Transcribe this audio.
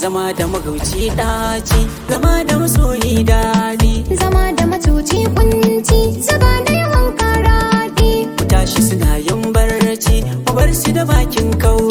zama da magauci ɗaci zama da masoyi daɗi zama da matuci kunci zaba da yawan karaɗi ku tashi suna yin barci ku bar su da bakin kau